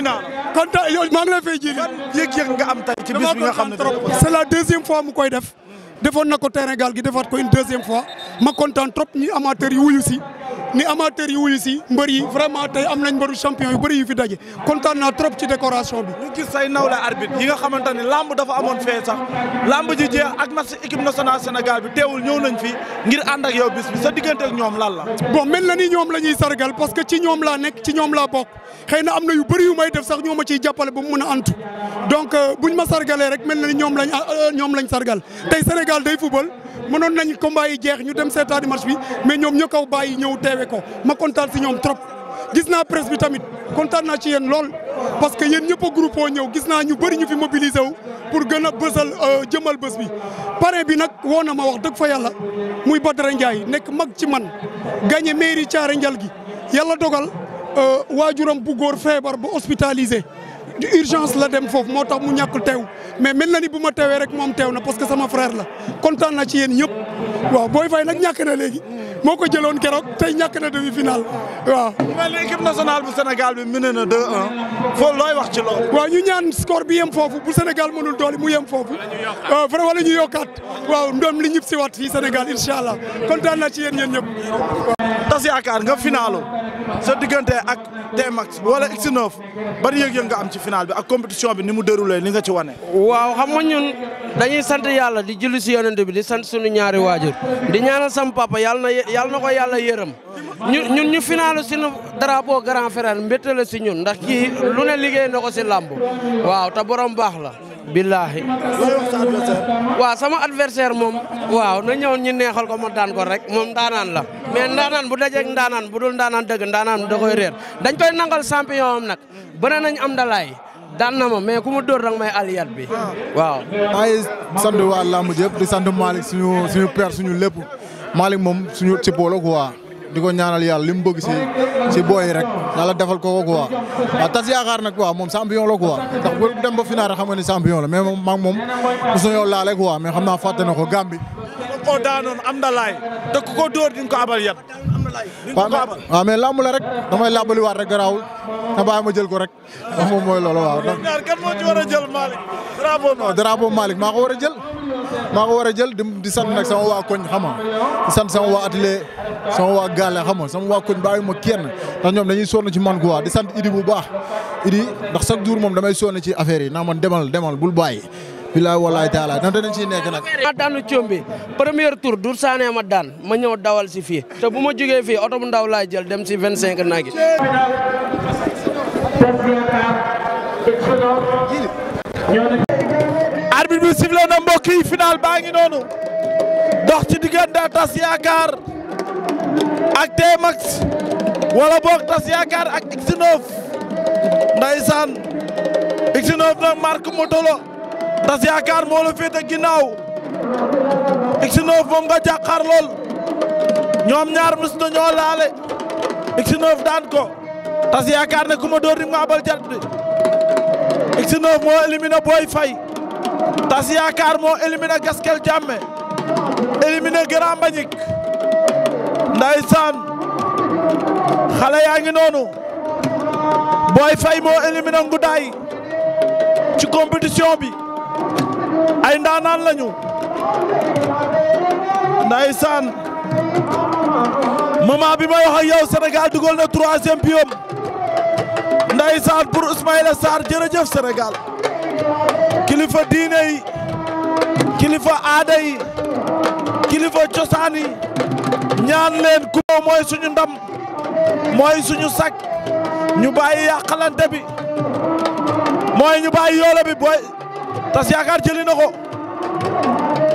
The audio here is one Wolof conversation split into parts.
nuyu naa la. kontaan yow maa ngi lay fay ji. yëg-yëg nga am tey ci bis nga xam ne c'est la deuxième fois mu koy def. defoon na ko terrain gaal gi defaat ko une deuxième fois ma kontaan trop ñi amateurs yi wuyu si ni amateurs yi wuyu si mbër yi vraiment tey am nañ mbëru champion yu bëri yu fi daje kontaan na trop ci décoration bi. ñu gis say nawle arbitre yi nga xamante ne lamb dafa amoon fee sax lamb ji jeex ak match équipe nationale Sénégal bi teewul ñëw nañ fi ngir ànd ak yow bis bi sa diggante ak ñoom lan la. bon mel na ni ñoom la ñuy sargal parce que ci ñoom laa nekk ci ñoom laa bokk xëy na am na yu yu may def sax ñoo ma ciy jàppale ba mu mën a antu donc euh, buñ ma sargalee rek mel na ni ñoom euh, ñoom lañ sargal Sénégal day football mënoon nañ combat yi jeex ñu dem seetaani match bi mais ñoom ñoo kaw bàyyi ñëw teewe ko ma kontaan si ñoom trop. gis naa presse bi tamit kontaan naa ci yéen lool parce que yéen ñëpp a groupe oo ñëw gis naa ñu bëri ñu fi mobilisé wu pour gën a bësal euh, jëmal bés bi. pare bi nag woo na ma wax dëgg fa yàlla muy Badara Ndiaye nekk mag ci man gagné mairie Thiaré njal gi yàlla dogal euh, waajuram bu góor feebar bu hospitalisé. urgence la dem foofu moo tax mu ñàkkul teew mais mel na ni bu ma teewee rek moom teew na parce que sama frère la kontaan na ci yéen ñëpp waaw Boy Faye na ñàkk na léegi moo ko jëloon keroog tey ñàkk na demi final waaw. mel ni équipe nationale bu Sénégal bi mené na 2-1 looy wax ci loolu. ñu ñaan score bi yem foofu bu Sénégal mënul doole mu yem foofu vraiment la ñu yokkaat waaw ndoom li ñëpp si waat fii Sénégal incha allah kontaan na ci yéen ñëpp. tas yaakaar nga finaalu sa diggante ak T-Max wala X9 bari yëg-yëg nga am ci final bi ak compétition bi ni mu déroulé li nga ci wane. waaw xam dañuy sant yàlla di jillu si yonent bi di sant suñu ñaari waajur di ñaanal sam papa yàlla na yàlla na ko yàlla yërëm ñu ñun ñu finaalu suñu drapeau grand frère mbétte la si ñun ndax kii lu ne liggéey na ko si làmb waaw te borom baax la billaahi waaw sama adversaire moom waaw na ñëw ñu neexal ko moo daan ko rek moom ndaanaan la mais ndaanaan bu dajeeg ndaanaan bu dul ndaanaan dëgg ndaanaan da koy reer dañ koy nangal champion am nag bëre nañ am dalaay daan na ma mais ku ma dóor rek may aliyat bi. waaw. maa ngi sant waa làmb yëpp di sant Malick suñu suñu père suñu lépp Malick moom suñu ci boolo quoi di ko ñaanal yàlla li mu bëgg si si booy rek la defal ko ko quoi. waaw tas yaakaar nag quoi moom champion la quoi ndax bu dem ba final xam nga ni champion la mais moom maa moom mosu ñoo laale quoi mais xam naa fàtte ko Gambie. ko daanoon am na laay te ku ko dóor di ko abal waaw mais làmb la rek damay làmbaliwaat rek garaawul nga bàyyi ma jël ko rek ndax moom mooy loolu waaw. ndax kan a jël Malick drapeau maa ko war a jël. maa ko war a jël di sant nag sama waa koñ xama di sant sama waa le sama waa gaale xama sama waa koñ bàyyi ma kenn ndax ñoom dañuy sonn ci man waa di sant Idi bu baax Idi ndax chaque jour moom damay sonn ci affaire yi naa man demal demal bul bàyyi. bilaay walaay taalaay nante dañ siy nekk nag ma daanu combi premier tour dur saanee ma daan ma ñëw dawal si fii te bu ma jógee fii oto ndaw laay jël dem si vingt cinq naagi arbitre bi sifflé na mbokk yi final baa ngi noonu dox ci diggante tas yaakaar ak T-Max wala boog tas yaakaar ak X9 ndeysaan X9 nag marque tas yaakaar moo la féete ginnaaw X9 moom nga jàkkaar lool ñoom ñaar mës ñoo laale X9 daan ko tas yaakaar ne ku ma dóor di ma jat bi X9 moo éliminé Boy Faye tas yaakaar moo éliminé Gaskel Jammeh éliminé Grand Mbagnick ndeysaan xale yaa ngi noonu Boy Faye moo éliminé Ngoudaye ci compétition bi ay ndaanaan lañu ndaysaan moment bi may wax ak yow Sénégal dugal na troisième pion ndaysaan pour Ismaïla Sarr jërëjëf Sénégal kilifa diine yi kilifa aada yi kilifa cosaan yi ñaan leen kubo mooy suñu ndam mooy suñu sak ñu bàyyi yàqalante bi mooy ñu bàyyi yoolo bi booy tas yaakaar jëli na ko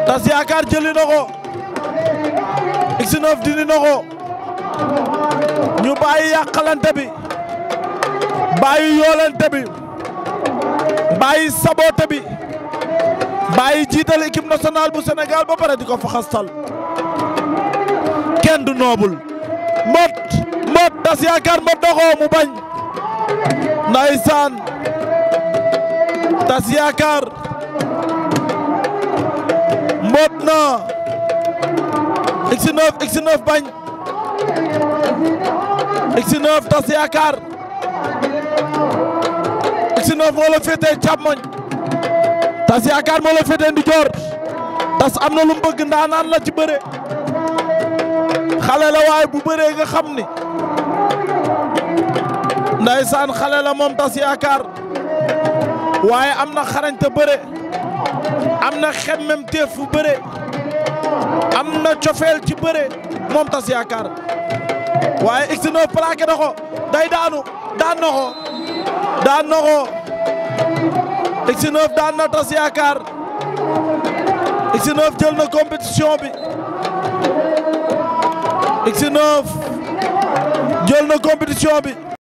tas yaakaar jëli na ko X9 dindi ñu bàyyi yàqalante bi bàyyi yoolante bi bàyyi sabote bi bàyyi jiital équipe nationale bu Sénégal ba pare di ko fa kenn du noobul mbot mbot tas yaakaar mbot doxoo mu bañ ndaysaan tas yaakaar X9 X9 bañ X9 tas yaakaar X9 moo la féetee càmmoñ tas yaakaar moo la féetee tas am na lu mu bëgg ndaanaan la ci bëre xale la waaye bu bëree nga xam ni ndaysaan xale la moom tas yaakaar waaye am na xarañte bëre am na xemmem teef fu bëre na cofeel ci bëre moom tas yaakaar waaye X9 plaqué na day daanu daan na daan na ko x daan na tas yaakaar X9 jël na compétition bi X9 jël na compétition bi